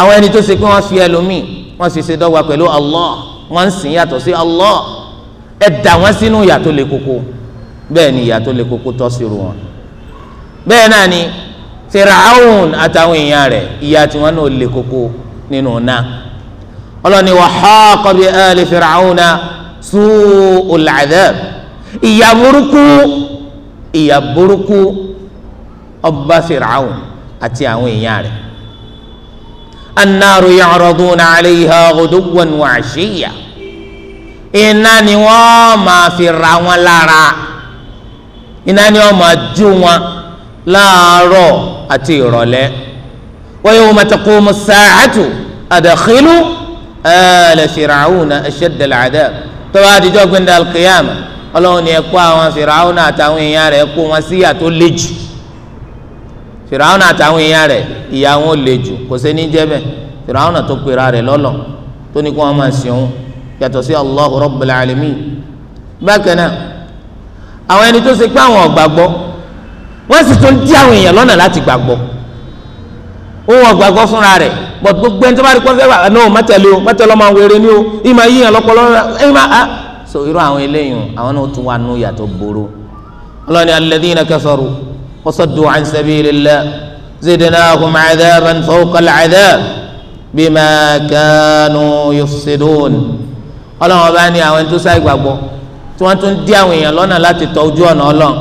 àwọn ẹni tó ṣe pé wọ́n fi ẹlòmíì wọ́n sì ṣe dọ́gba pẹ̀lú Allah wọ́n ń sìn yàtọ̀ sí Allah ẹ dà wọ́n sínú ìyà tó le koko bẹ́ẹ̀ ni ìyà tó koko tọ́ sí ru wọn bẹ́ẹ̀ náà ni firaun àtàwọn èèyàn rẹ̀ ìyà tiwọn náà le koko nínú náà ọlọ́ni wà haqa bi ali firaun su'ul adhab ìyà burúkú ìyà burúkú ọba firaun àti àwọn èèyàn rẹ̀ annaru ya'raduna 'alayha ghuduwan wa 'ashiyya iná ni wọ́n máa fi ra wọn lára iná ni wọ́n máa jó wọn láàárọ̀ àti ìrọ̀lẹ́ wa yawma taqumu as-sa'atu adkhilu ala fir'auna ashadda al-'adab tó bá dijọ́ gbẹ̀ndà al-qiyama ọlọ́run ni ẹ kó àwọn fìràwọn àtàwọn èèyàn rẹ̀ kó wọn síyà tó le jù fìràwọn àtàwọn èèyàn rẹ̀ ìyà wọn lè jù kò sí ní jẹ́ bẹ́ẹ̀ fìràwọn tó pera rẹ̀ lọ́lọ́ tó ní kí wọ́n máa sìn òun yàtọ̀ sí Allahu Rabbul Alamin bákan náà àwọn ẹni tó ṣe pé àwọn ọ̀gbàgbọ́ wọ́n sì tún dí àwọn èèyàn lọ́nà láti gbàgbọ́ òun ọ̀gbàgbọ́ fúnra rẹ̀ but gbogbo ẹni tó bá rí pọ́ńsẹ́ wà ní o mọ́tẹ́lẹ́ o mọ́tẹ́lẹ́ ọmọ àwọn eré ni o ìmọ̀ yíyan lọ́pọ̀lọ́ ìmọ̀ a ah. so irú àwọn eléyìí àwọn náà tún wà nù yàtọ̀ gbòòrò ọlọ́ni alladhina kafaru وصدوا عن سبيل الله زدناهم عذابا فوق العذاب بما كانوا يفسدون ọlọ́run ọba ni àwọn ẹni tó sáì gbàgbọ́ tí wọ́n tún dí àwọn èèyàn lọ́nà láti tọ ojú ọ̀nà ọlọ́run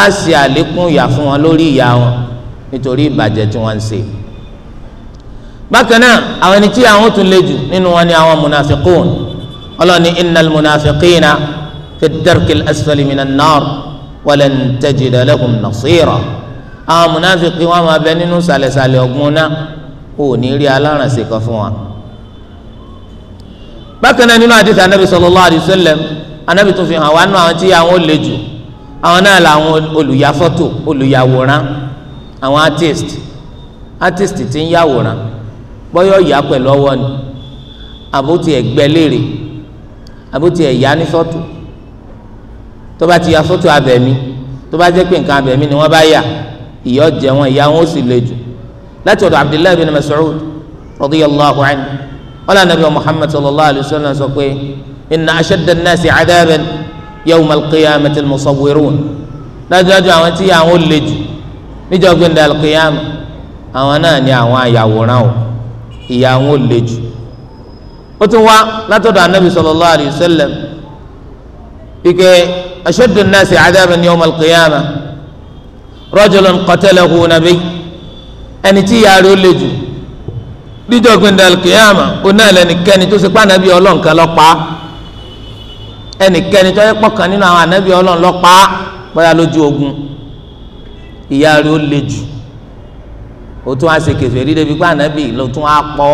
á ṣe àlékún ìyà fún wọn lórí ìyà wọn nítorí ìbàjẹ́ tí wọ́n ń ṣe. bákan náà àwọn ẹni tí àwọn tún le jù nínú wọn ni àwọn munafikun ọlọ́run ní innal munafikina fi dárkìl asfali minan nar walan tajida lahum nasira àwọn munafiki wọn máa bẹ nínú sàlẹ̀sàlẹ̀ ọ̀gbun náà ò ní rí alárànṣe kan fún wa. bákan náà nínú àdìsí anabi sallallahu alayhi wa sallam anabi tún fi hàn wá nínú àwọn tí àwọn olè jù àwọn náà làwọn olùyàfọ́tò olùyàwòrán àwọn artist artist ti ń yàwòrán bọ́yọ̀ yà pẹ̀lú ọwọ́ ni àbótiẹ̀ gbẹ́lérè àbótiẹ̀ yà ní fọ́tò tó bá ti ya fọ́tò abẹ̀mí tó bá jẹ́ pé nǹkan abẹ̀mí ni wọ́n bá yà ìyọ́ jẹ wọn ìyá wọn ó sì le jù láti ọ̀dọ̀ abdullahi bin mas'ud radiyallahu anhu wọn lànà bí muhammad sallallahu alayhi wa sallam sọ pé inna ashadda an-nasi adaban yawma al-qiyamati al-musawwirun dájúdájú àwọn tí ìyá wọn ó le jù níjọ́ gbẹ̀ndẹ̀ al àwọn náà ni àwọn ayàwòrán o ìyá wọn ó le jù ó tún wá látọ̀dọ̀ anabi sallallahu alayhi wa sallam ike. أشد الناس عذابا يوم القيامة رجل قتله نبي ẹni tí yàrá ó lè jù dídọ̀ gbẹ̀ndà alkiyama oná ẹlẹ́nikẹ́ni tó ṣe pé ànábì ọlọ́run kan ló pa ẹnikẹ́ni tó yẹ pọ̀kan nínú àwọn ànábì ọlọ́run ló pa bóyá lójú ogun ìyàrá ó lè jù ó tún á ṣe kèfèrí débi pé ànábì ló tún á pọ̀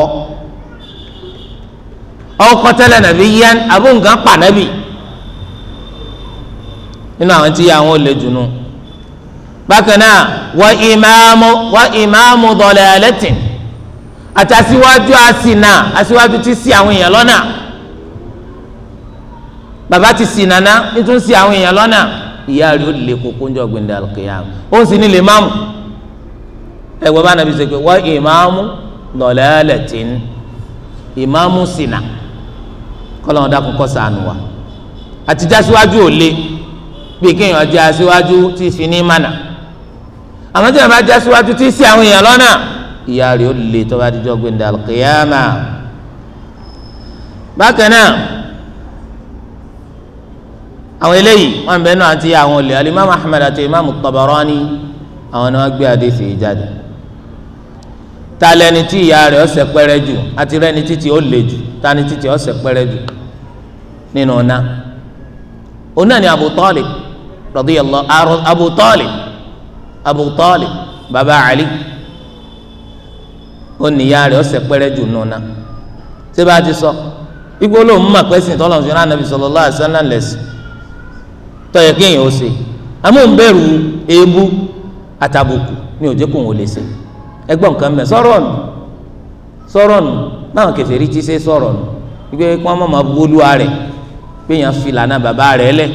ọ́ kọ́tẹ́lẹ̀ nàbí yẹn abóǹgá pa nàbì nínú àwọn tí àwọn ò lè dùnú. bákan náà wọ́n ìmáàmù wọ́n ìmáàmù dọ̀lẹ́ ẹlẹ́tìn àti aṣíwájú àsìnà aṣíwájú ti ṣì àwọn èèyàn lọ́nà bàbá ti ṣì nàná nítorí ṣì àwọn èèyàn lọ́nà ìyá rẹ̀ ó lè kókó ń jọ gbẹ̀ndẹ̀ àlùkìyàm ó sì ní lè máàmù ẹ̀gbọ́n bá nàbí sèké wọ́n ìmáàmù lọ́lẹ́ ẹlẹ́tìn ìmáàmù ṣìnà kọ́lọ́n dàkún kọ́ sànù wa àtijọ́ aṣíwájú ò lè bí kéèyàn jẹ́ aṣíwájú tí ì fi ní mànà àmọ́ tí wọ́n bá jẹ́ aṣíwájú tí ì sí àwọn èèyàn lọ́nà ìyá rẹ̀ ó lè tó bá dijọ́ gbẹ̀ndẹ̀ alqiyama bákan náà àwọn eléyìí wọn bẹ náà ti àwọn olè alimami ahmed àti imaamu tabarani àwọn náà gbé adéṣe jáde ta lẹni tí ìyá rẹ̀ ọsẹ pẹrẹ jù àti rẹni títí ó lè jù ta ni títí ọsẹ pẹrẹ jù nínú ọ̀nà ọ̀nà ni Abu radiyallahu abu talib abu talib baba ali ó níyà rẹ̀ ọ̀sẹ̀ jù nùnà tí bá ti sọ igbó ló ń mọ̀ pé sìn tọ́lọ̀ fi ránà bí sallallahu alaihi kéèyàn ó ṣe àtàbùkù òjò kò ṣe ẹgbọ́n nù nù báwọn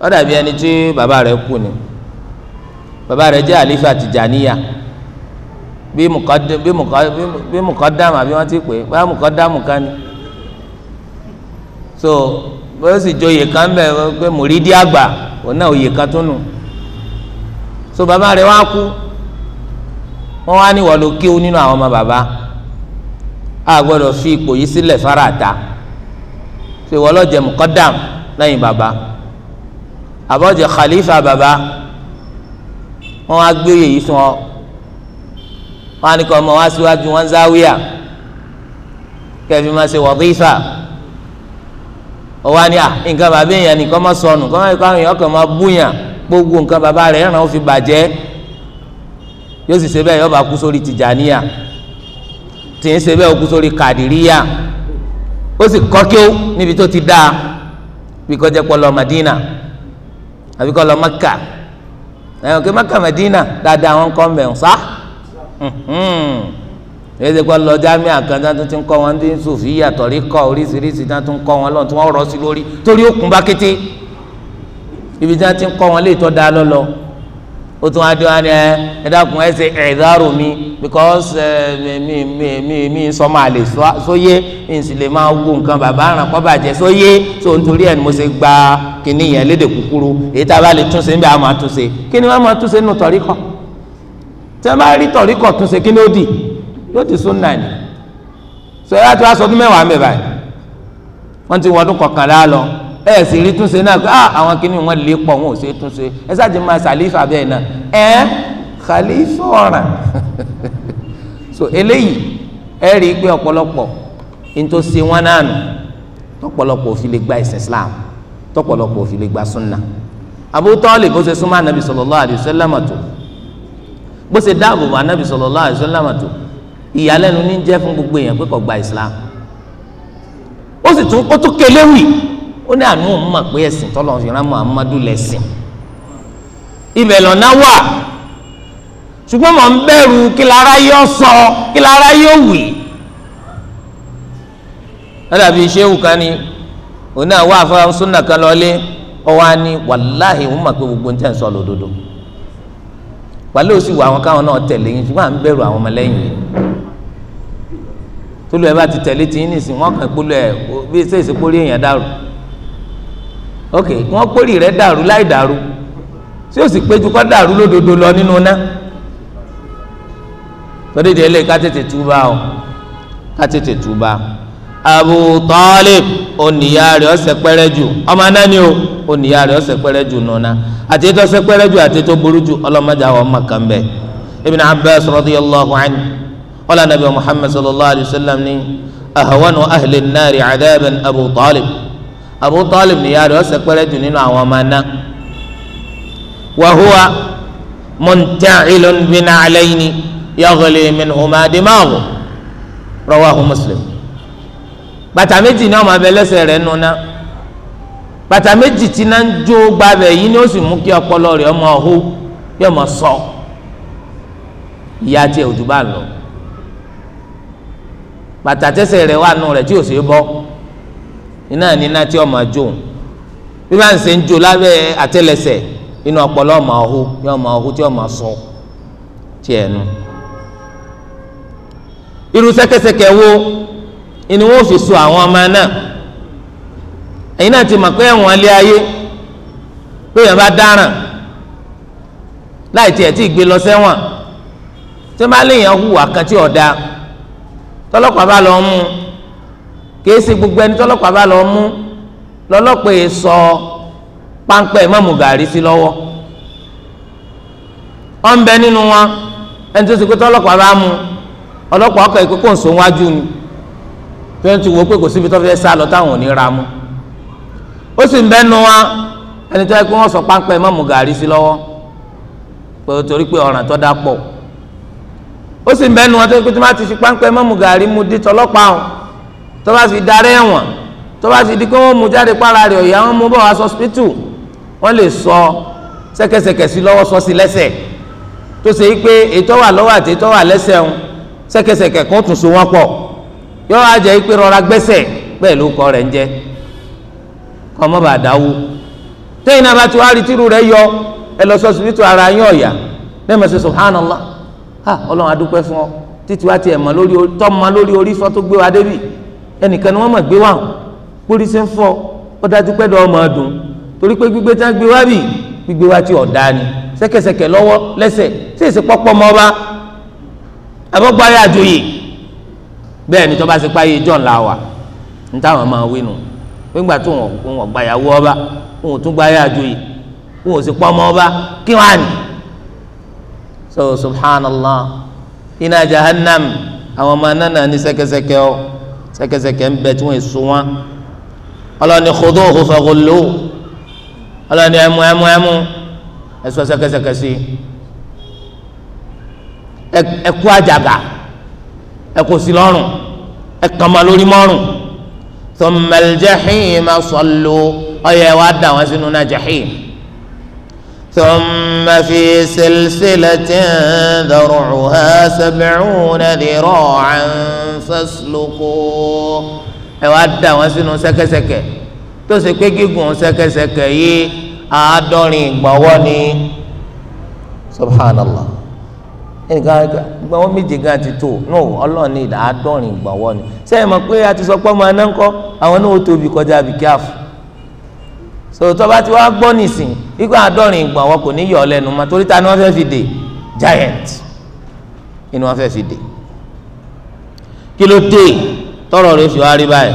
ó dàbí ẹni tí bàbá rẹ̀ kú ni bàbá rẹ̀ jẹ́ àlífà tìjàníyà bí mùkọ́dámù àbí wọ́n ti pè é bá mùkọ́dámù kan ni so bó sì joyè kan bẹ̀ pé mùrídìí àgbà òun náà òye kan tó nù so bàbá rẹ̀ wá kú wọ́n wá ní wọ́n ló kíw nínú àwọn ọmọ bàbá a gbọ́dọ̀ fi ipò yìí sílẹ̀ fara ta ṣe wọ́n lọ́ọ́ jẹ bàbá. So, àbọ̀jẹ̀ khalifa Baba wọn wá gbé yèyí fún ọ wọn á ní kọ́ ọmọ wá síwájú wọn záwíà kẹfì máa ṣe wọ̀dífà ọwọ́ ni à nǹkan bàbá èèyàn nìkan máa sọnù kọ́ máa kọ́ àwọn èèyàn kan máa búyàn gbogbo nǹkan bàbá rẹ̀ ẹ̀ràn ó fi bàjẹ́ yóò sì ṣe bẹ́ẹ̀ yóò bá kú sórí tìjàníyà tì í ṣe bẹ́ẹ̀ ó kú sórí kàdìríyà ó sì kọ́ kí ó níbi tó ti dáa bí kọjá pọ̀ lọ Madina àbí kọ́ lọ mẹ́kà ẹ̀yìn òkè mẹ́kà mẹ́dínà dáadáa wọn kọ́ mẹ́rin sá èyí ti kọ́ lọ jámẹ́ àkàndá tó ti ń kọ́ wọn ní sòfì yàtọ̀ rí kọ́ oríṣiríṣi náà tó ń kọ́ wọn lọ́n tí wọ́n rọ́ sí lórí torí òkun bá kété ibi tí wọ́n ti ń kọ́ wọn lè tọ́ da lọ́lọ́ ó tún adé wani ẹ ẹ dákun ẹ mi because ẹ mi mi mi mi sọmọ àlè sóyè mi sì lè máa wo nǹkan bàbá àràn kọ́ bàjẹ́ sóyè so nítorí ẹ̀ ni mo ṣe gba kíní yẹn léde kúkúrú èyí tá a bá lè túnṣe níbi àwọn àtúnṣe kí ni wọ́n máa túnṣe nínú tọ̀ríkọ̀ tí wọ́n bá rí tọ̀ríkọ̀ túnṣe kí ni ó dì yóò di sunna ni sọ yàtọ̀ aṣọ ọdún mẹ́wàá mẹ́bàá wọ́n ti wọ́n ọdún kọkànlá ẹ sì rí túnṣe náà pé ah, àwọn kìíní wọn lè pọ̀ wọn ò ṣe túnṣe ẹ ṣáàjì máa ṣàlífà bẹ́ẹ̀ náà ẹ khalifa ọ̀ràn so eléyìí ẹ rí i pé ọ̀pọ̀lọpọ̀ ntòsí wọn náà nù tọ̀pọ̀lọpọ̀ òfin lè gba ẹ̀sìn Islam tọ̀pọ̀lọpọ̀ òfin lè gba sunna Abu Talib bó ṣe súnmọ́ anabi sallallahu alaihi wasallam tó bó ṣe dáàbò bò anabi sallallahu alaihi wasallam tó ìyàlẹ́nu ní jẹ́ fún gbogbo èèyàn pé kò gba Islam ó sì tún ó tún kéléwì ó ní àánú òun mọ̀ pé ẹ̀sìn tọ́lọ̀ ìran Muhammadu lẹ́sìn ibẹ̀ lọ́nà wà ṣùgbọ́n mò ń bẹ̀rù kí lára yóò sọ kí lára yóò wì lọ́dàbí ṣéwù kan ni òun náà wà fún súnà kan lọ́lé ọwọ́ á ní wàláhì òun mọ̀ pé gbogbo ń tẹ̀ ń sọ lódodo pàlẹ́ wà àwọn káwọn náà tẹ̀lé yín ṣùgbọ́n à ń bẹ̀rù àwọn ọmọlẹ́yìn yìí tó lóye bá ti tẹ̀lé tiyín nìsín wọ́n kàn pólú ẹ̀ bí ṣèṣe pórí èèyàn dàrú ok wọn pólì rẹ dàrú láì dàrú tí o sì péjú kọ́ dàrú lódodo lọ nínú ná torí de ilé ká tètè túbà o ká tètè túbà Abu Talib oníyà rẹ̀ ọ̀sẹ̀ pẹ́rẹ́ jù ọmọ náà ni o oníyà rẹ̀ ọ̀sẹ̀ pẹ́rẹ́ jù nùnà àti ètò ọ̀sẹ̀ pẹ́rẹ́ jù àti ètò burú jù ọlọ́mọdé àwọn ọmọ kan bẹ̀ Ibn Abbas radiyallahu anhu qala Nabi Muhammad sallallahu alayhi wa sallam ni ahwanu ahli nari adaban Abu Talib. Abu Talib níyà rẹ̀ ọ̀sẹ̀ pẹ́rẹ́ jù nínú àwọn ọmọ aná wa huwa munta'ilun bi na'layni yaghli minhuma dimaghu rawahu Muslim bàtà méjì ni ọmọ abẹ lẹ́sẹ̀ rẹ̀ nuna bàtà méjì tí náà ń jó gbabẹ yìí ni ó sì mú kí ọpọlọ rẹ̀ ọmọ ọhú yóò mọ sọ ìyá tiẹ̀ òjú bá lọ bàtà tẹ́sẹ̀ rẹ̀ wà nù rẹ̀ tí ò sì bọ́ iná níná tí ọmọ jó bí bá ń ṣe ń jó lábẹ́ àtẹ́lẹsẹ̀ inú ọpọlọ ọmọ ọhú yọ ọmọ ọhú tí ọmọ sọ tiẹ̀ nu irú ṣẹ̀kẹ̀ṣẹ̀kẹ̀ wo ni wọn fi so àwọn ọmọ náà ẹ̀yin náà ti mọ̀ pé ẹ̀wọ̀n ilé ayé pé èèyàn bá dáràn láì tiẹ̀ tí gbé lọ sẹ́wọ̀n tí wọ́n bá léèyàn hùwà kan tí ọ̀dà tọ́lọ́pàá bá lọ mú un kìí ṣe gbogbo ẹni tọ́lọ́pàá bá lọ mú lọ́lọ́pàá yìí sọ páńpẹ́ mọ́mú gàrí sí lọ́wọ́ ọ̀nbẹ nínú wọn ẹni tó ṣe pé tọ́lọ́pàá bá mú ọlọ́pàá ọkọ̀ ìkókò ń sọ wájú ni tó ń ti wò ó pé kò síbi tó fẹ́ sá lọ táwọn ò ní ra mú ó sì ń bẹ́nu wọn ẹni tó yẹ pé wọ́n sọ páńpẹ́ mọ́mú gàrí sí lọ́wọ́ pé torí pé ọ̀ràn tó dá pọ̀ ó sì ń bẹ́nu wọn tó yẹ pé tó má ti fi páńpẹ́ mọ́mú gàrí mu dé tọ́lọ́pàá ọ̀hún tó bá fi darí ẹ̀wọ̀n tó bá fi di pé wọ́n mú jáde para rẹ̀ ọ̀yà wọ́n mú bọ̀ wá sọ́spítù wọ́n lè sọ sẹ́kẹsẹ̀kẹ̀ sí lọ́wọ́ sọ sí lẹ́sẹ̀ tó ṣe pé ètò wà lọ́wọ́ àti ètò wà lẹ́sẹ̀ ń sẹ́kẹsẹ̀kẹ̀ kó tún so wọ́n pọ̀ yọ wá jẹ́ pé rọra gbẹ́sẹ̀ bẹ́ẹ̀ ló kọ́ rẹ̀ ń jẹ́ kọ́ mọ́ bá dáwó tẹ́yìn náà bá ti wá rí tírú rẹ̀ yọ ẹ lọ sọ́spítù ara yín ọ̀yà bẹ́ẹ̀ mọ̀ sí subhanallah ha ọlọ́run adúpẹ́ fún ọ títí wá tiẹ̀ mọ́ lórí tọ́ mọ́ lórí orí fọ́ tó gbé wa débì ẹnìkan ni wọ́n mọ̀ gbé wà pórí ṣe ń fọ́ ó dájú pé dọ́ ọmọ ọdún torí pé gbígbé tá gbé wá bì gbígbé wá ti ọ̀dà ni ṣẹ̀kẹ̀ṣẹ̀kẹ̀ lọ́wọ́ lẹ́sẹ̀ tí èsì pọ́pọ́ mọ́ bá abọ́gbárí àjòyè bẹ́ẹ̀ ni tó bá ṣe páyé john la wà ní táwọn máa wí nù nígbà tó wọn gbàyàwó ọba wọn ò tún gbàyà àjòyè wọn ò sì pọ́nmọ́ ọba kí wọ́n á nì. so subhanallah iná jahannam àwọn ọmọ náà ní ṣẹ̀kẹ̀ṣẹ̀kẹ̀ o ṣẹ̀kẹ̀ṣẹ̀kẹ̀ ń bẹ tí wọ́n èso wọn ọlọ́ni khuduhu faghullu ọlọ́ni ẹmu ẹmu ẹmu ẹ̀sọ́ ṣẹ̀kẹ̀ṣẹ̀kẹ̀ sí ẹkú àjàgà ẹkú sí lọ́rùn ẹkànmá lórí mọ́rùn thumma al-jahima sallu ọyẹ wa dà wọn sínú náà jahim. ثم في سلسلة ذرعها سبعون ذراعا فاسلكوه ẹ wá dà wọn sínú ṣẹ̀kẹ̀ṣẹ̀kẹ̀ tó ṣe pé gígùn ṣẹ̀kẹ̀ṣẹ̀kẹ̀ yìí àádọ́rin ìgbọ̀nwọ́ ni subhanallah nǹkan ìgbọ̀nwọ́ méje gan ti tó no ọlọ́run ní àádọ́rin ìgbọ̀nwọ́ ni sẹ́yìn mọ̀ pé a ti sọ pé ọmọ anáńkọ́ àwọn náà ó tóbi kọjá bìkẹ́ àfọ̀ so tọba tí wàá gbọ́ nìsín ikú àádọ́rin ìgbọ̀n wọn kò ní yọ ọ lẹ́nu mọ́ torí ta ni wọ́n fẹ́ fi dè giant inú wọn fẹ́ fi dè kí ló dé tọrọ rẹ fi wá rí báyìí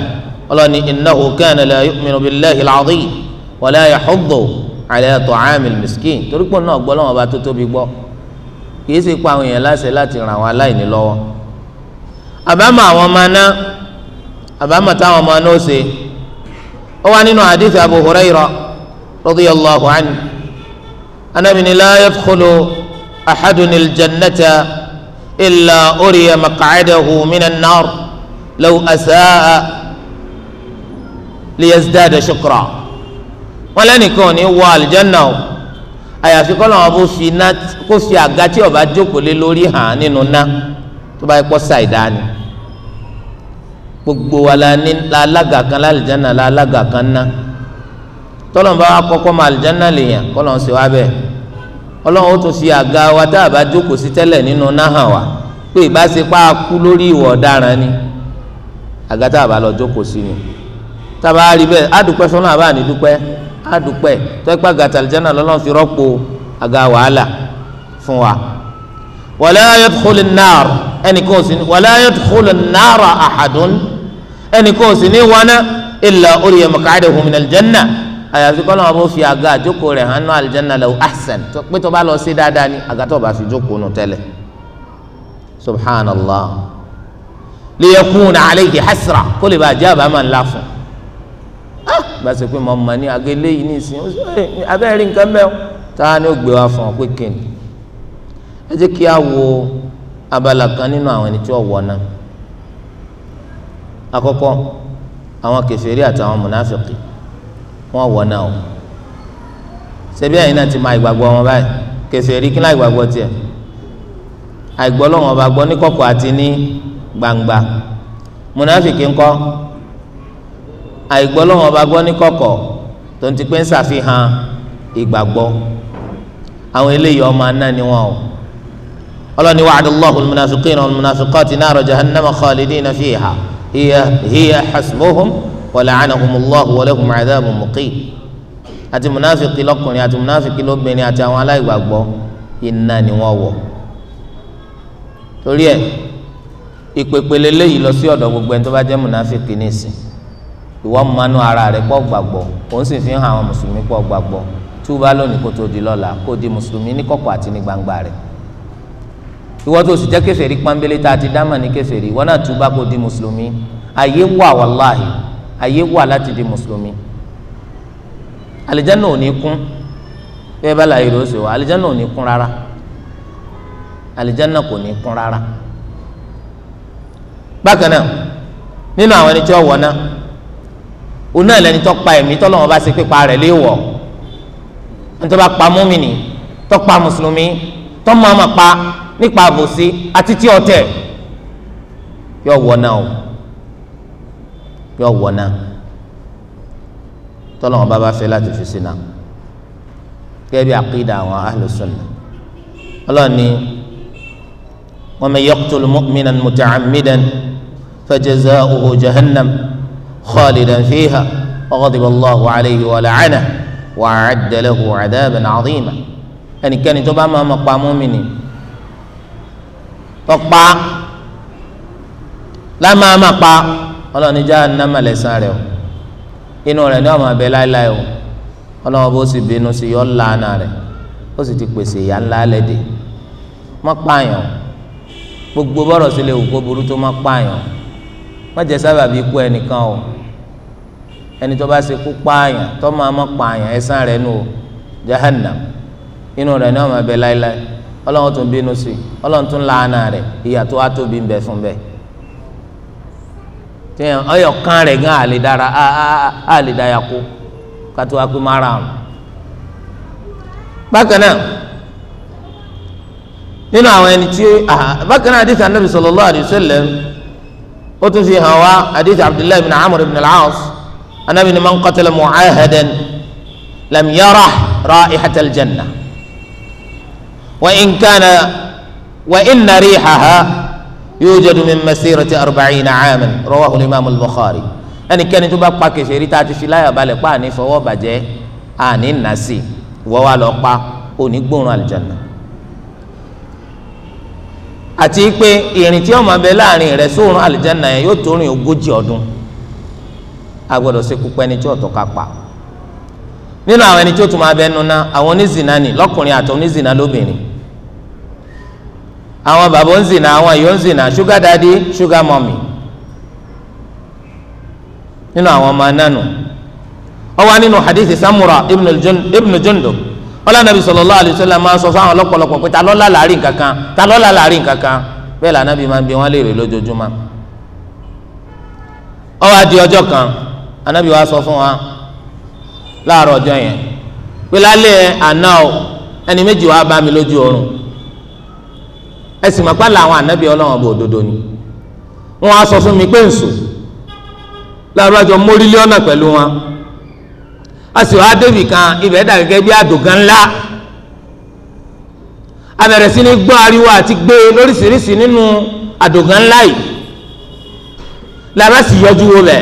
ọlọ́ni innahu kana la yu'minu billahi al-azim wa la yahuddu ala ta'amil miskin torí pọ̀ náà gbọ́ lọ́wọ́ bá tó tóbi gbọ́ kì í sì pa àwọn èèyàn láṣẹ láti ràn àwọn aláìní lọ́wọ́ àbámọ̀ àwọn ọmọ náà àbámọ̀ táwọn ọmọ náà ó ṣe ó wà nínú hadith abu hurairah radiyallahu anhu anabi ni la yadkhulu ahadun aljannata illa uriya maqcadahu min annar law asaa liyazdada shukra wọn lẹ́nìkan ò ní wọ aljanna o àyàfi kọ́ làwọn bó fi iná kó fi àga tí ó bá jókòó lé lórí hàn nínú ná tó bá yẹ kó ṣàìdá ni gbogbo wa la ní alága kan lálìjáná la alága kan ná tọ́lọ́mùbá wa kọ́kọ́ ma àlìjáná lèèyàn kọ́lọ́n sì wá bẹ́ẹ̀ ọlọ́run ó tún fi àga wa tá a bá jókòó sí tẹ́lẹ̀ nínú náhàn wa pé ìbáṣepá kú lórí ìwọ̀ ọ̀daràn ni àga tá a bá lọ jókòó sí ni tá a rí bẹ́ẹ̀ àdùpẹ́ fún náà bá ní tọ́pẹ́ àgàtà àlìjáná lọ́lọ́run fi rọ́pò àga wàhálà fún wa wala yadkhulun nar ẹnì kan ò sí wala yadkhulun nara ahadun ẹnì kan ò sì ní wọná illa uriya maq'adahu min aljanna àyàfi kọ́ lọ́wọ́ bó fi àga àjókò rẹ̀ hàn náà aljanna law ahsan pé tó bá lọ sí dáadáa ni àga tó bá fi jókòó nù tẹ́lẹ̀ subhanallah liyakuna alayhi hasra kó lè bá a jẹ́ àbámọ̀ ńlá fún ah bá a sọ pé mo mọ̀ ní àga eléyìí ní ìsìn eh, abẹ́rẹ́ nǹkan mẹ́wọ́ táwa ni ó gbé wa fún ọ pé kéènì ẹ jẹ́ kí a wo abala kan nínú àwọn ẹni tí wọ́n wọ̀ náà àkọ́kọ́ àwọn kèfèrí àtàwọn mùnàfíkì wọn wọ náà o ṣebí ẹ̀yin náà ti máa ìgbàgbọ́ wọn báyìí kèfèrí kí láì gbàgbọ́ tiẹ̀ àìgbọ́ lọ́wọ́n bá gbọ́ ní kọ̀kọ̀ àti ní gbangba mùnàfíkì ńkọ́ àìgbọ́ lọ́wọ́n bá gbọ́ ní kọ̀kọ̀ tó ń ti pé ń ṣàfihàn ìgbàgbọ́ àwọn eléyìí ọmọ aná ni wọn o ọlọ́ni wa'adallahu al-munafiqina wal-munafiqati nara jahannama khalidina fiha. هي hiya hasmuhum wala'anahumullahu walahum adhabun muqim àti munafiki lọkùnrin àti munafiki lóbìnrin àti àwọn aláìgbàgbọ́ iná ni wọ́n wọ̀ torí ẹ̀ ìpèpèlè léyìí lọ sí ọ̀dọ̀ gbogbo ẹni tó bá jẹ́ munafiki nísìn ìwọ mmanú ara rẹ̀ pọ̀ gbàgbọ́ òun sì fi hàn àwọn mùsùlùmí pọ̀ gbàgbọ́ túbá lónìí kó tó di lọ́la kó di mùsùlùmí ní kọ̀kọ̀ àti ní gbangba rẹ̀ ìwọ tó sì jẹ́ kèfèrí pọ́nbélé tá a ti dá mà ní kèfèrí ìwọ náà túbá kó di mùsùlùmí àyè wà wàláhì àyè wà láti di mùsùlùmí àlìjáná ò ní kún bẹ́ẹ̀ bá láyé lóṣù wa àlìjáná ò ní kún rárá àlìjáná kò ní kún rárá bákan náà nínú àwọn ẹni tí wọ́n wọ̀ náà òun náà lẹni tó pa ẹ̀mí tọ́lọ́wọ́n bá ṣe pípa rẹ̀ léèwọ̀ nítorí bá pa mùmínì tó pa mùsùlùmí tó mọ̀ ọ́n pa nípa àbòsí àti tí ọ̀tẹ̀ yọ wọ náà o yọ wọ náà tọ́lọ́wọ́n bá bá fẹ́ láti fi sí náà gẹ́gẹ́ bí àkídà àwọn ahlu sunnah ọlọ́ọ̀ni wa man yaqtul mu'minan muta'ammidan fajaza'uhu jahannam khalidan fiha wa ghadiba Allahu alayhi wa la'anahu wa a'adda 'adaban 'azima ẹnikẹ́ni tó bá máa ma pa mọ́mìnì tọpa lámàmà pa ọlọ́ni já nàmà lẹ́sàn rẹ̀ o inú rẹ̀ ní ọmọ abẹ láéláé o ọlọ́wọ́ bó sì bínú sí yọ lánà rẹ̀ ó sì ti pèsè ìyá ńlá lẹ́dẹ̀ má pààyàn gbogbo bọ́rọ̀ sí lè wù kó burú tó má pààyàn má jẹ́ sábàbí ikú ẹnìkan o ẹni tó bá ṣe kú pààyàn tó máa má pààyàn ẹ̀san rẹ̀ nù o jahannam inú rẹ̀ ní ọmọ abẹ láéláé ọlọ́run tún bínú sí ọlọ́run tún làánà rẹ̀ ìyà tó wá tóbi ń bẹ fún bẹ́ẹ̀ tíyẹn ọyọ kan rẹ̀ gan àlè dára àlè dára kó kátó wá pé má ra àrùn. bákan náà nínú àwọn ẹni tí bákan náà àdìsí anábì sallallahu alaihi wasallam ó tún fi hàn wá àdìsí abdullahi bin amr bin al anábì ni man qatala mu'ahadan lam yarah ra'ihatal jannah. وإن كان وإن ريحها يوجد من مسيرة أربعين عاما رواه الإمام البخاري ẹnì kẹ́ni tó bá pa kẹsìrì tá a ti fi láyà balẹ̀ pa àní fọwọ́ bàjẹ́ àní nàásì wọ́n wá lọ pa òní gbóòórùn àlùjánnà. àti pé ìrìn tí ọmọ abẹ láàrin rẹ̀ sóòórùn àlùjánnà yẹn yóò tó rìn ogójì ọdún a gbọ́dọ̀ ṣekú pa ẹni tí ọ̀tọ̀ ká pa. nínú àwọn ẹni tí ó tún máa bẹ nuná àwọn onízìnnà ni lọ́kùnrin àti onízìnnà lóbìnrin àwọn bàbá ń zìnà àwọn ìyó ń zìnà ṣúgà dádì ṣúgà mọ̀mì nínú àwọn ọmọ anánu ọwọ́ nínú hadithi samura ibnu jundub ọlọ́run nàbí sallallahu alaihi wasallam máa ń sọ fáwọn ọlọ́pọ̀lọpọ̀ pé ta lọ́la láàrin kankan ta lọ́la láàrin kankan bẹ́ẹ̀ lànàbí máa ń bi wọ́n léèrè lójoojúmọ́ ọwọ́ adi ọjọ́ kan anábì wa sọ fún wa láàárọ̀ ọjọ́ yẹn pé lálẹ́ àná ẹni méjì wàá bá mi lójú oorun ẹ sì mọ̀ pálá àwọn ànábì ọlọ́wọ́n bò òdodo ni wọ́n á sọ fún mi pé ń sùn lárúbájọ mórílé ọ̀nà pẹ̀lú wọn a sì wá débì kan ibẹ̀ dà gẹ́gẹ́ bí àdògán ńlá a bẹ̀rẹ̀ sí ní gbọ́ ariwo àti gbé e lóríṣiríṣi nínú àdògán ńlá yìí lára sì yọjú wo bẹ̀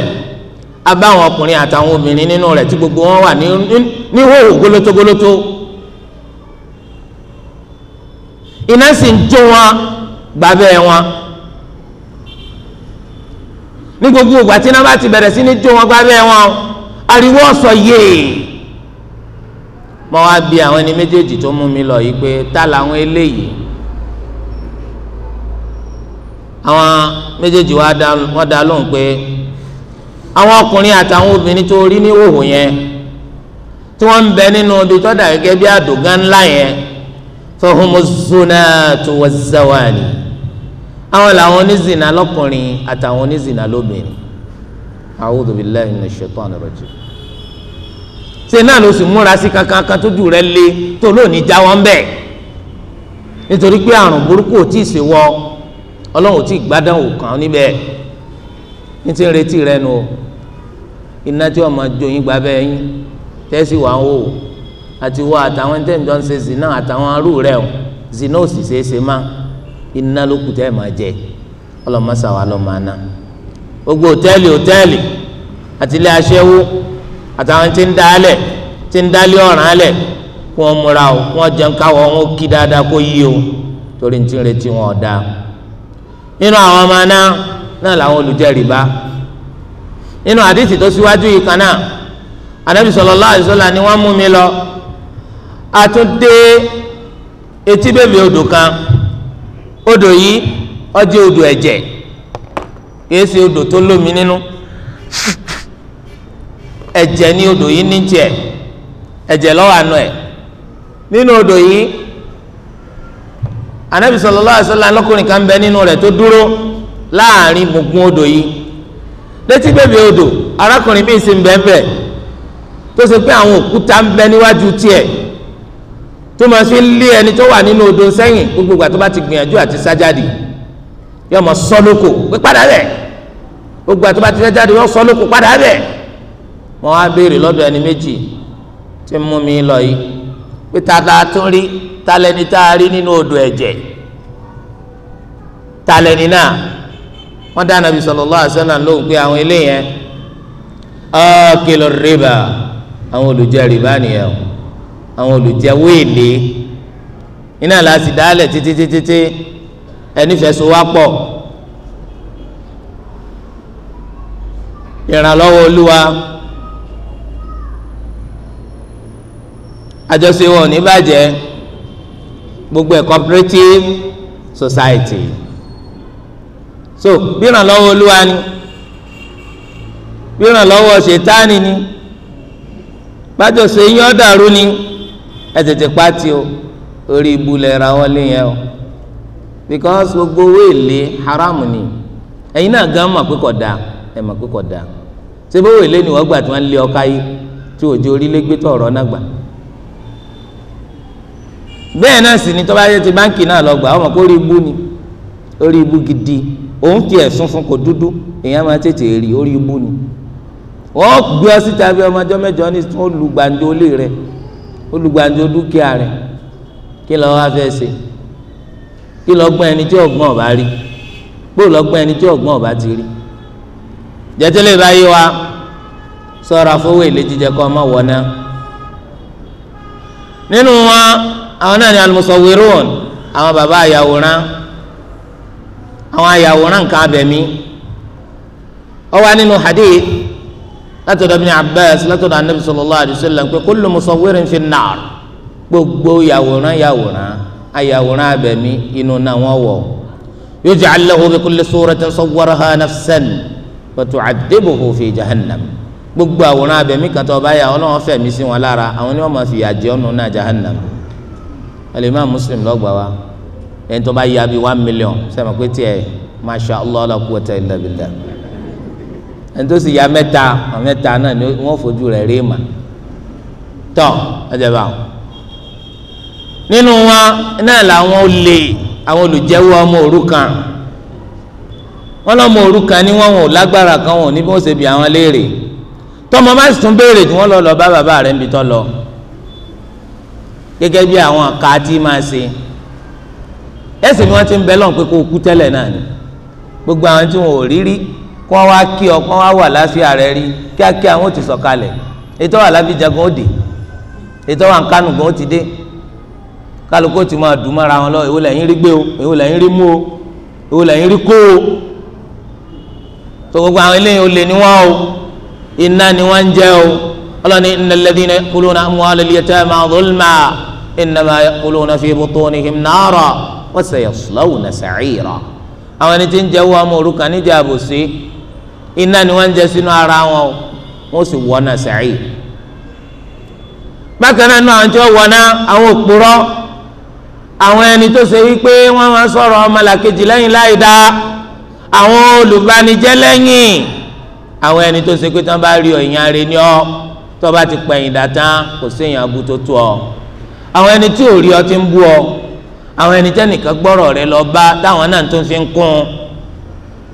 a bá àwọn ọkùnrin àtàwọn obìnrin nínú rẹ̀ tí gbogbo wọn wà ní hóhò gólótógólótó. Gólótó iná sì ń jó wọn gbàbẹ́ wọn ní gbogbo ìgbà tí iná bá ti bẹ̀rẹ̀ sí ní jó wọn gbàbẹ́ wọn ariwo ọ̀sọ̀ yéè mo wá bi àwọn ẹni méjèèjì tó mú mi lọ yìí pé ta làwọn eléyìí àwọn méjèèjì wọ́n dá lóhùn pé àwọn ọkùnrin àtàwọn obìnrin tó rí ní òhò yẹn tí wọ́n ń bẹ nínú ibi tó dà gẹ́gẹ́ bí àdògán ńlá yẹn fahumu zunatu wa zawani àwọn làwọn onízìnnà lọkùnrin àtàwọn onízìnnà lóbìnrin a'udhu billahi minash shaitani rajim ṣe náà ló sì múra sí kankan kan tójú rẹ̀ lé tó lónìí jáwọ́ ń bẹ̀ nítorí pé àrùn burúkú ò tí ì wọ ọlọ́run ò tí gbádùn kàn níbẹ̀ ní ti ń retí rẹ nu iná tí wọ́n máa jó yín gbábẹ́ yín tẹ́sí wàá ń wò ó àti wọ àtàwọn ẹni ń ṣe zina àtàwọn arú rẹ̀ o zina ò sì ṣeé ṣe má iná ló kù tẹ́ ẹ̀ máa jẹ ọlọ́mọṣà wa lọ́ máa ná gbogbo hòtẹ́ẹ̀lì hòtẹ́ẹ̀lì àti ilé aṣẹ́wó àtàwọn tí ń dálẹ̀ tí ń dálẹ̀ ọ̀ràn alẹ̀ kí wọ́n múra o kí wọ́n jẹun káwọ́ wọn kí dáadáa kó yí o torí ní ti ń retí wọn ọ̀dà nínú àwọn ọmọ náà náà làwọn olùjẹ́rìí bá nínú àdìsí tó síwájú yìí kan náà ànábì sallallahu alaihi ni wọ́n mú mi lọ a tún dé etí odò kan odò yi ó jẹ́ odò ẹ̀jẹ̀ kìí ṣe odò tó lómi nínú ẹ̀jẹ̀ ni odò yi ní ẹjẹ ẹ̀jẹ̀ wa wà nù ninu nínú odò yìí anabi sallallahu alaihi wasallam lọkùnrin kan bẹ nínú rẹ̀ tó dúró láàrin gbogbo odò yi létí bèbè odò arakunrin bíi ṣe ń bẹ ń bẹ tó ṣe pé àwọn òkúta ń bẹ níwájú tiẹ̀ tó máa fi lé ẹni tó wà nínú odò sẹ́yìn gbogbo ìgbà tó bá ti gbìyànjú àti sájáde yóò mọ sọ́lókò pé padà bẹ̀ gbogbo ìgbà tó bá ti sájáde yóò sọ́lókò padà bẹ̀ wọ́n á béèrè lọ́dọ̀ ẹni méjì tí mú mi lọ yìí pé ta la tún rí ta lẹni tá a rí nínú odò ẹ̀jẹ̀ ta lẹni náà wọ́n dá Ànábì sallallahu alaihi wasallam lóhùn pé àwọn eléyẹn ọ́ kìlọ̀ rìbá àwọn olùjẹ́ rìbá nìyẹn o àwọn olùjẹ́wó èlé iná láti dálẹ̀ títítítí ẹni fẹ̀sùn wá pọ̀ ìrànlọ́wọ́ olúwa àjọṣe wọn ò ní bàjẹ́ gbogbo ẹ̀ cooperative society so bí ìrànlọ́wọ́ olúwa ni bí ìrànlọ́wọ́ ṣètáni ni bájọṣe yín ọ̀dàrú ni. So, ẹ tètè pàtì o orí ibu lè ra wọlé yẹn o because gbogbo owó èlé haramu ni ẹ̀yin náà gan mà pé kò dáa ẹ mà pé kò dáa ṣé bó èlé ni wọ́n gbà tí wọ́n lé ọkà yìí tí òjò orílẹ̀ gbé tọ̀rọ̀ náà gbà bẹ́ẹ̀ náà sì ni tọ́ba yẹ ti báńkì náà lọ gbà ọmọ kó rí ibu ni orí ibu gidi òun tiẹ̀ sunfun kò dúdú èèyàn máa tètè rí orí ibu ni wọ́n gbé ọ síta bí ọmọdé mẹ́jọ ní tó lu gbàǹdó lé rẹ̀ olùgbàdo dúkìá rẹ̀ kí lọ wá fẹ́ ṣe kí gba ẹni tí ọba rí kó lọ́gbọ́n ẹni tí ọ̀gbọ́n ọba ti rí jẹtẹlẹ báyìí wa ṣọ́ra fowó èlé jíjẹ kọ ọmọ wọ nínú wọn àwọn náà ni almusawirun àwọn bàbá àyàwòrán àwọn àyàwòrán nǹkan abẹ̀mí látọ̀dọ̀ Ibn Abbas látọ̀dọ̀ anabi sallallahu alayhi wa sallam pé kullu musawwirin fi an-nar gbogbo yàwòrán yàwòrán ayàwòrán abẹ̀mí inú náà wọ́n wọ̀ yuj'al lahu bi kulli suratin sawwaraha nafsan wa tu'adhibuhu fi jahannam gbogbo àwòrán abẹ̀mí kan tó bá yà ọlọ́wọ́n fẹ̀mí sí wọn lára àwọn ni wọ́n máa fi yà jẹ́ náà jahannam al Muslim lọ́gbà wa ẹni tó bá yà bí one million sẹ́mi pé tiẹ̀ masha Allah la quwwata illa billah ẹni tó sì ya mẹ́ta àwọn mẹ́ta náà ni wọ́n fojú rẹ̀ rí mà tọ́ ọjà bá wọn. nínú wọn náà làwọn olè àwọn olùjẹ́wọ́ ọmọ òrukàn wọn lọ́mọ òrukàn ni wọn ò lágbára kan wọn ò ní bí wọ́n ṣe bí àwọn léèrè tọmọ bá sì tún béèrè tí wọ́n lọ lọ bá bàbá rẹ̀ níbi tọ́ lọ gẹ́gẹ́ bí àwọn àka tí máa ṣe ẹ̀sìn ni wọ́n ti ń bẹ́ lọ́n pé kó o kú tẹ́lẹ̀ náà ni gbogbo àwọn tí wọn ò rí rí kó wá kí ọ kó wá wà láfíà rẹ rí kíákíá wọn ò ti sọ̀kalẹ̀ ètò wà lábíjagun ó dé ètò wà ń kánú gan ó ti dé kálukó ti máa dùn mọ́ra wọn lọ èwo lẹ́yìn rí gbé o èwo lẹ́yìn rí mú o èwo lẹ́yìn rí kó o tó gbogbo àwọn eléyìí olè ni wọ́n o iná ni wọ́n ń jẹ́ o ọlọ́ni innal ladhina ya'kuluna amwalal yatama dhulma innama ya'kuluna fi butunihim nara wa sayaslawna sa'ira àwọn ẹni tí ń jẹ́ wọ́n ọmọ òrukàn níjà àbòsí iná ni wọ́n ń jẹ sínú ara wọn o wọ́n sì wọ́n náà sàáyé bákan náà náà àwọn tí wọ́n wọ́n náà àwọn òpùrọ́ àwọn ẹni tó ṣe wípé wọ́n máa sọ̀rọ̀ ọmọlàkejì lẹ́yìn láì dá àwọn olùbanijẹ́ lẹ́yìn àwọn ẹni tó ṣe pé tí wọ́n bá rí ọ̀yìn arẹ ní ọ tó bá ti pẹ̀yìn dà kò sí èèyàn abú tó tó ọ àwọn ẹni tí ò rí ọ ti ń bú ọ àwọn ẹni tẹ́nìkan gbọ́rọ̀ rẹ lọ bá táwọn náà tó fi ń kún un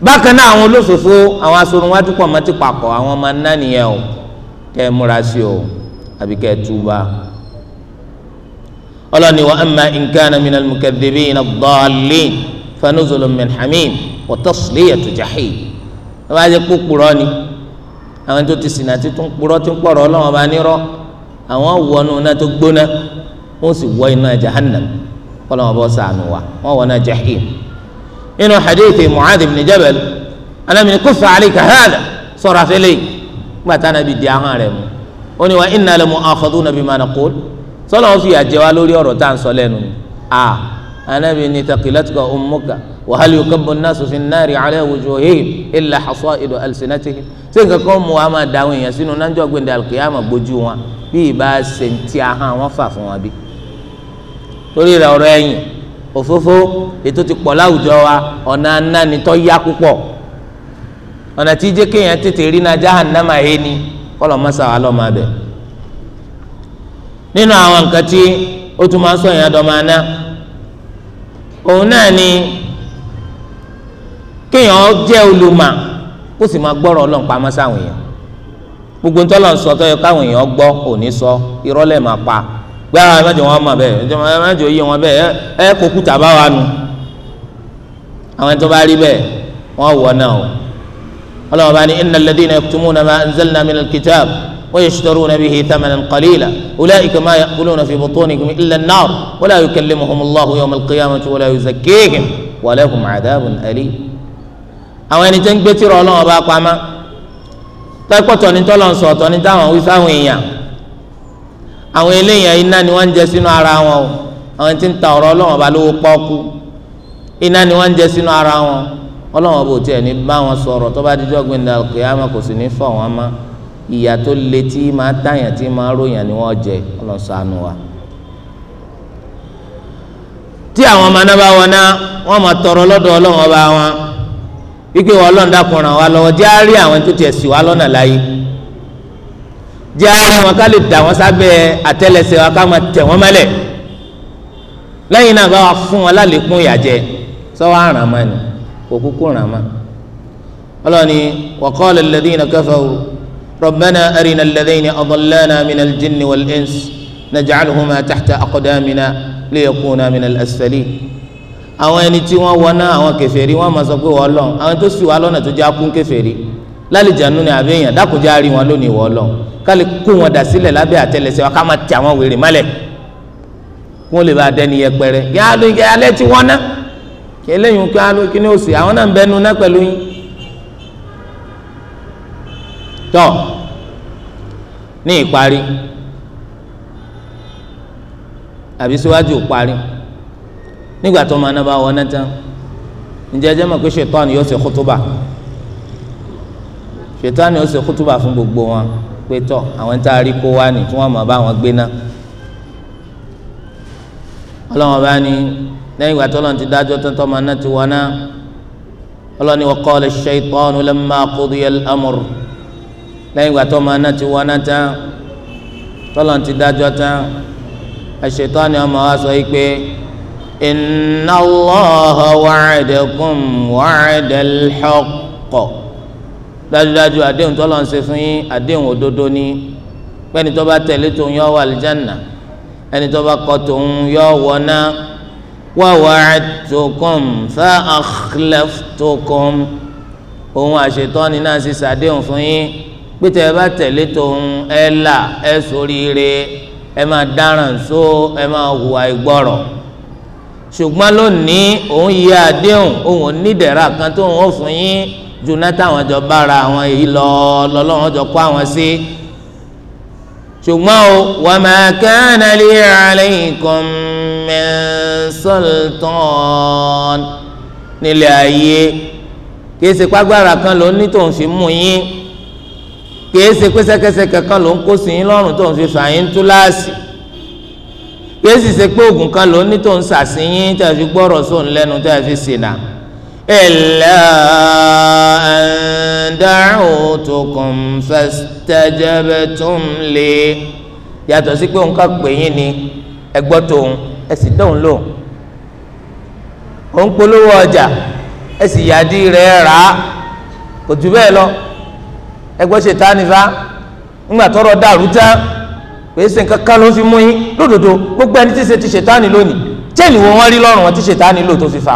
bákan náà àwọn olóṣòfò àwọn asorunwájú pọ̀ mọ́ ti papọ̀ àwọn ọmọ nná nìyẹn o kẹ́ ẹ múra sí o àbí kẹ́ ẹ túbà ọlọ́ni wa amma in kana minal mukadhibina ad-dallin fanuzulun min hamim wa tasliyatu jahim wọ́n bá jẹ́ kó kúrọ́ ni àwọn tó ti sìn àti tó ń kúrọ́ tó ọlọ́wọ́n bá nírọ́ àwọn wọnú náà tó gbóná wọ́n sì wọ iná inú hadithi mu'adh ibn jabal anamini kufa alayka hada sọ̀rọ̀ afẹlẹ gbàtà nàbí di ahọ́n rẹ̀ mu ó ní wa inna la mu'akhadhuna bima naqul sọlọ wọn fi àjẹ wa lórí ọ̀rọ̀ tá à ń sọ lẹ́nu a anabi ni taqilatuka ummuka wa hal yukabbu an-nasu fi an-nari ala wujuhihim illa hasa'idu alsinatihim ṣé nǹkan kan mú wa máa dáhùn èèyàn sínú náà ń jọ gbẹ̀ndẹ̀ alqiyama gbójú wọn bí ìbá ṣe ń ti ahọ́n wọn fà fún wọn bí òfófó ètò ti pọ̀ láwùjọ wa ọ̀nà anánitọ́ yá púpọ̀ ọ̀nà tí jẹ́ kéèyàn tètè rí na jahannama yé ni kọ́lọ̀ mọ́sá wa lọ́ máa nínú àwọn nǹkan tí ó tún máa ń sọ èèyàn òun náà ni kéèyàn jẹ́ olùmọ̀ kó sì gbogbo ń sọ tọ́yọ káwọn èèyàn gbọ́ òní sọ irọ́ pé àwọn ah, ẹ̀mẹ́jọ wọn mọ̀ bẹ́ẹ̀ ẹ̀mẹ́jọ yìí wọn bẹ́ẹ̀ ẹ̀ kó kúta bá wa nu àwọn ẹ̀tọ́ bá rí bẹ́ẹ̀ wọ́n wọ̀ náà o ọlọ́wọ́ bá ní innal ladhina yaktumuna ma anzalna min al-kitab wa yashtaruna bihi thamanan qalila ulaika ma ya'kuluna fi butunihim illa an-nar wa la yukallimuhum Allahu yawma al-qiyamati wa la yuzakkihim àwọn eléyàn iná ni wọ́n ń jẹ sínú ara wọn o àwọn tí ń ta ọ̀rọ̀ ọlọ́wọ́n bá lówó pọ́ọ́kú iná ni wọ́n ń jẹ sínú ara wọn ọlọ́wọ́n bò tiẹ̀ ní bá wọn sọ̀rọ̀ tó bá dijọ́ gbẹ̀ndà kìyàmà kò sì ní fọ̀ wọn mọ́ ìyà tó le tí máa tàyàn tí máa ròyàn ni wọ́n jẹ ọlọ́sàánú wa. tí àwọn ọmọ náà bá wọn náà wọ́n máa tọrọ lọ́dọ̀ ọlọ́wọ́n bá wọn wípé wọn ọlọ́run dákun ràn wá lọ́wọ́ jẹ́ á rí àwọn tó tiẹ̀ ṣì wá lọ́nà láyé jẹ́ àárín wọn ká lè dà wọ́n sábẹ́ àtẹ́lẹsẹ̀ wa ká máa tẹ̀ wọ́n mọ́lẹ̀ lẹ́yìn náà bá wa fún wọn lálẹ́kún ìyàjẹ́ sọ́wọ́ àràn máa ní kò kúkú ràn máa ọlọ́ni waqala alladhina kafaru rabbana arina alladhina adallana minal jinni wal ins naj'alhuma tahta aqdamina liyakuna minal asfalin àwọn ẹni tí wọ́n wọ náà àwọn kèfèrí wọ́n máa sọ pé wọ́n lọ́n àwọn tó sì wà lọ́nà tó jẹ́ akún kèfèrí lálejànú ni àbí èèyàn dákòjá rí wọn lónìí wọ́ lọ kálí kó wọn dà sílẹ̀ lábẹ́ àtẹlẹsẹ̀ wa ká má ti àwọn wèrè mọ́lẹ̀ kó wọn lè bá dẹni yẹpẹrẹ kí á lóyún kí alẹ́ ti wọ́n ná kí eléyìí kí á lóyún kí ní òsì àwọn náà ń bẹnu ná pẹ̀lú yín. tọ́ ní ìparí àbí síwájú ìparí nígbà tó máa ná bá wọn ná tán ǹjẹ́ ẹjẹ́ mọ̀ pé ṣètọ́ ni yóò ṣe khutuba ṣètánì ó ṣe kútùbà fún gbogbo wọn pé tọ àwọn tá a rí kó wá ní tí wọn mọ bá wọn gbé ná ọlọ́wọ́n bá ní lẹ́yìn ìgbà tó lọ́n ti dájọ́ tó tọ́ ma ti wọ́n ná ọlọ́ni wa qala ash-shaytanu lamma qudiya al-amr lẹ́yìn ìgbà tó ma ná ti wọ́n ná tán tó lọ́n ti dájọ́ tán ash ọmọ wa sọ yìí pé. إن الله وعدكم وعد الحق dájúdájú àdéhùn tọ́lọ́ ń ṣe fún yín àdéhùn òdodo ni pẹ́ni tó bá tẹ̀lé tòun yọ wà lìjánà ẹni tó bá kọ̀ tòun yọ wọná wa wa'adtukum fa akhlaftukum òun àṣetọ́ni náà sì ṣàdéhùn fún yín pété ẹ bá tẹ̀lé tòun ẹ là ẹ ṣoríire ẹ máa dáràn só ẹ máa hùwà ìgbọ́rọ̀ ṣùgbọ́n lónìí òun yí àdéhùn òun ò ní dẹ̀ra kan tóun ó fún yín juna táwọn jọ bára àwọn èyí lọ lọ́lọ́wọ́n jọ kó àwọn sí ṣùgbọ́n o wa ma kana li alaykum min sultan nílẹ̀ ayé kìí ṣe pàgbára kan ló ní tòun fi mú yín kìí ṣe pé ṣẹ̀kẹ̀ṣẹ̀kẹ̀ ló ń kó sí yín lọ́rùn tòun fi fà yín túláàsì kìí sì oògùn kan ló ní tòun ṣàṣìyín tẹ̀ fi gbọ́rọ̀ sóun lẹ́nu tẹ̀ fi sìnà. إلا أن دعوتكم فاستجبتم لي yàtọ̀ sí pé nǹkan pè yín ni ẹ gbọ́ tòun ẹ sì dóhùn lóhùn òun polówó ọjà ẹ sì yàdí lọ pèsè nǹkan kan fi mú yín gbogbo ẹni tí ṣe ti ṣètánì lónìí tẹ́ẹ̀nì wọn rí lọ́rùn wọn ti ṣètánì lò tó fi fà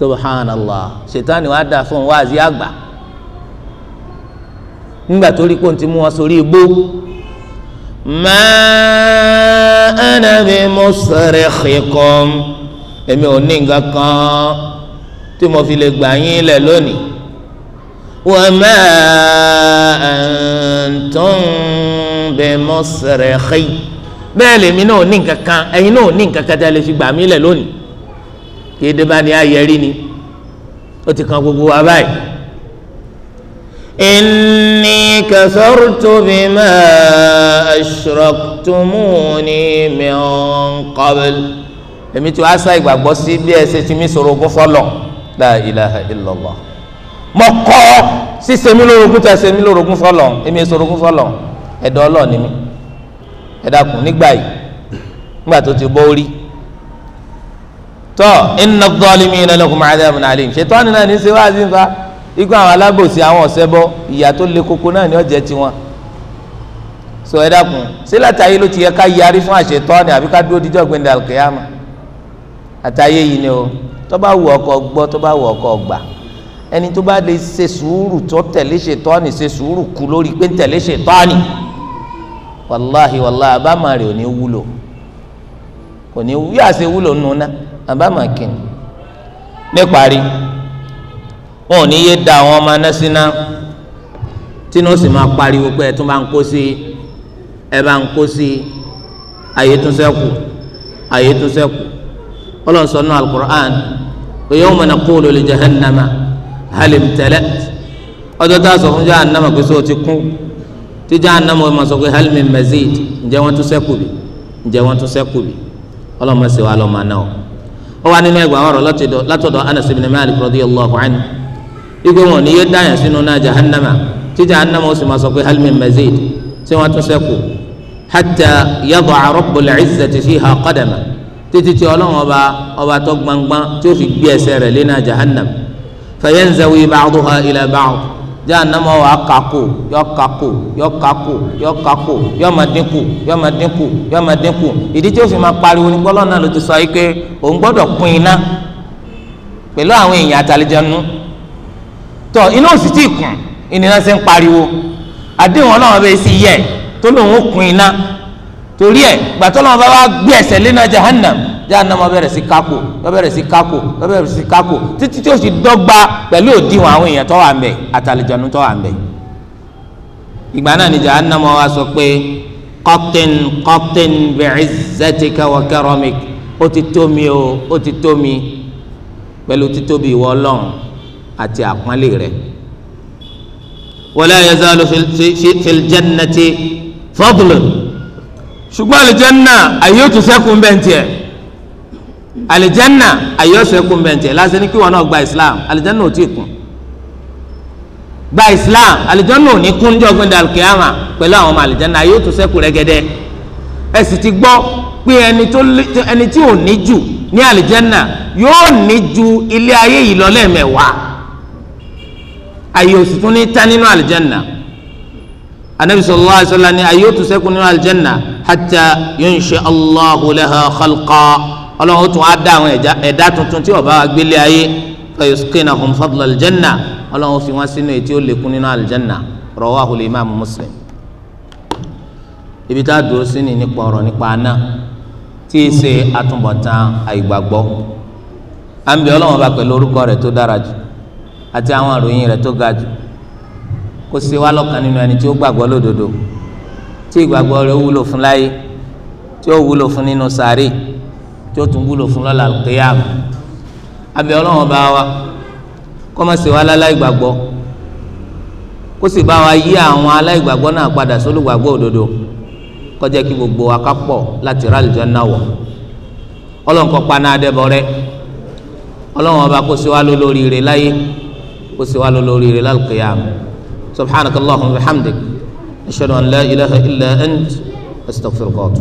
subhanallah ṣètánì wàá dà fún wáàzí àgbà nígbà tó rí kóńtì mú wọn sórí igbó ma ana bi musrikhikum èmi ò ní nǹkan kan tí mo fi lè gbà yín lẹ̀ lónìí wa ma antum bi musrikhi bẹ́ẹ̀ lèmi náà ò ní nǹkan kan ẹ̀yin náà ò ní nǹkan kan tí a lè fi gbà mí lẹ̀ lónìí yéde bá ní ayẹrí ni ó ti kan gbogbo wa báyìí. إني كفرت بما أشركتموني من قبل èmi tí wàá sá ìgbàgbọ́ sí bí ẹ ṣe ti mí ṣorogún fọlọ́ la ilaha illallah mo kọ́ ṣíṣe mí lórogún tẹ̀ ṣe mí lórogún fọlọ́ èmi ṣorogún fọlọ́ ẹ̀dọ́ ọlọ́ọ̀ni mi ẹ̀dá kù nígbà yìí nígbà tó ti bọ́ orí tọ inna adh-dhalimina lahum adhabun alim ṣètọ́ni náà ní ṣe wá sí nfa ikú àwọn alábòsí àwọn ọ̀sẹ́bọ ìyà tó le koko náà ni ó tiwọn sọ ẹ dákun ló ti yẹ ká yarí fún àbí ká dúró díjọ́ gbẹ̀ndẹ̀ àtàyè yìí ni o tó bá wù ọkọ gbọ́ ọkọ gbà ẹni tó bá lè ṣe sùúrù tó tẹ̀lé ṣe sùúrù kú lórí pé wàláhi wàláhi ò ní wúlò kò ní wúlò abamakin níparí wọn ò ní yé da àwọn ọmọ anásínà tínú sì máa pariwo pé ẹ tún bá ń kó sí ẹ bá ń kó sí ayé tún ṣẹ́kù ayé tún ṣẹ́kù ọlọ́run sọ nínú jahannama hal imtalat ọjọ́ tá a sọ fún jahannama pé sọ ti kún tí jahannama wọn sọ pé hal mazid ǹjẹ́ wọ́n tún ṣẹ́kù bí ǹjẹ́ wọ́n tún ṣẹ́kù bí ọlọ́run máa ṣe náà ó wà nínú ẹgbàá ọ̀rọ̀ látọ̀dọ̀ Anas ibn Malik radiyallahu anhu igbe wọn ni yé dáyà sínú náà jahannama tí jahannama ó sì máa sọ pé hal min mazid tí wọn tún ṣẹ́kù hatta yada'a rabbul izzati fiha qadama títí tí Ọlọ́run ọba ọba tó gbangban tí ó fi gbé ẹsẹ̀ rẹ̀ lé náà jahannam fayanzawi ba'duha ila ba'd jahannama wa kako yọ kako yọ kako yọ kako yọ ma dínkù yọ ma dínkù yọ ma dínkù ìdí tí ó fi máa pariwo ní gbọ́lọ́ náà ló ti sọ yìí pé òun gbọ́dọ̀ pín iná pẹ̀lú àwọn èèyàn àtàlẹ́jẹ̀nu tọ iná òsì tí kùn ìnira ṣe ń pariwo àdéhùn ọlọ́run bẹ́ẹ̀ sì yẹ tó lòun ó pín iná torí ẹ̀ gbàtọ́ lọ́wọ́ bá wá gbé ẹsẹ̀ lé náà jahannam jahannama bẹ̀rẹ̀ sí kákò yọ bẹ̀rẹ̀ sí kákò yọ bẹ̀rẹ̀ sí kákò títí tí ó sì dọ́gba pẹ̀lú òdiwọ̀n àwọn èèyàn tó wà ńbẹ̀ àtàlejànú tó wà ńbẹ̀ ìgbà náà ni jahannama wa sọ pé kọ́tìn kọ́tìn bi'izzatika wa karamik ó ti tó mi o ó ti tó mi pẹ̀lú títóbi ìwọ ọlọ́run àti àpọ́nlé rẹ̀ wala yazalu fil jannati fadlun ṣùgbọ́n àlùjànnà àyè ó tún sẹ́kùn bẹ́ẹ̀ tiẹ̀ alijanna ayọ́sẹ̀ kún bẹ̀ntẹ̀ lásán ní kí wọn náà gba islam alijanna ò tí ì kún gba islam alijanna ò ní kún ní ọgbìn dalkiyama pẹ̀lú àwọn ọmọ alijanna ayé ó tún sẹ́kù ẹ sì ti gbọ́ pé ẹni tí ò ní jù ní alijanna yóò ní ju ilé ayé yìí lọ lẹ́ẹ̀mẹ́wàá ayé ó sì tún ní tán nínú alijanna anabi sallallahu alaihi wasallam ni ayé ó tún sẹ́kù nínú alijanna hatta yunsha allahu laha khalqa ọlọ́run ó tún á dá àwọn ẹ̀dá tuntun tí ó bá wa gbélé ayé fayusqinahum fadla aljanna ọlọ́run ó fi wọ́n sínú ètí ó lékún nínú aljanna rawahu al-imam muslim. ibi tá a dúró sí ni nípa ọ̀rọ̀ nípa aná tí í ṣe àtúbọ̀tán àìgbàgbọ́ à ń bẹ ọlọ́run bá pẹ̀lú orúkọ rẹ̀ tó dára jù àti àwọn àròyìn rẹ̀ tó ga jù kó ṣe wá lọ́kàn nínú ẹni tí ó gbàgbọ́ lódodo tí ìgbàgbọ́ rẹ̀ wúlò fún láyé tí ó wúlò fún nínú sàréè tí ó tún wúlò fún lọ́la kéyàm abẹ́ ọlọ́run bá wa kó má ṣe wá láláìgbàgbọ́ kó sì bá wa yí àwọn aláìgbàgbọ́ náà padà sólùgbàgbọ́ òdodo kó jẹ́ kí gbogbo wa ká pọ̀ láti rà àlùjánnà wọ̀ ọlọ́run paná adẹ́bọ̀ rẹ ọlọ́run ọba kó ṣe wá lólórí rẹ láyé kó ṣe wá lólórí rẹ lálùkéyàm subhanakallahumma wa bihamdik ashhadu an la ilaha illa ant astaghfiruka.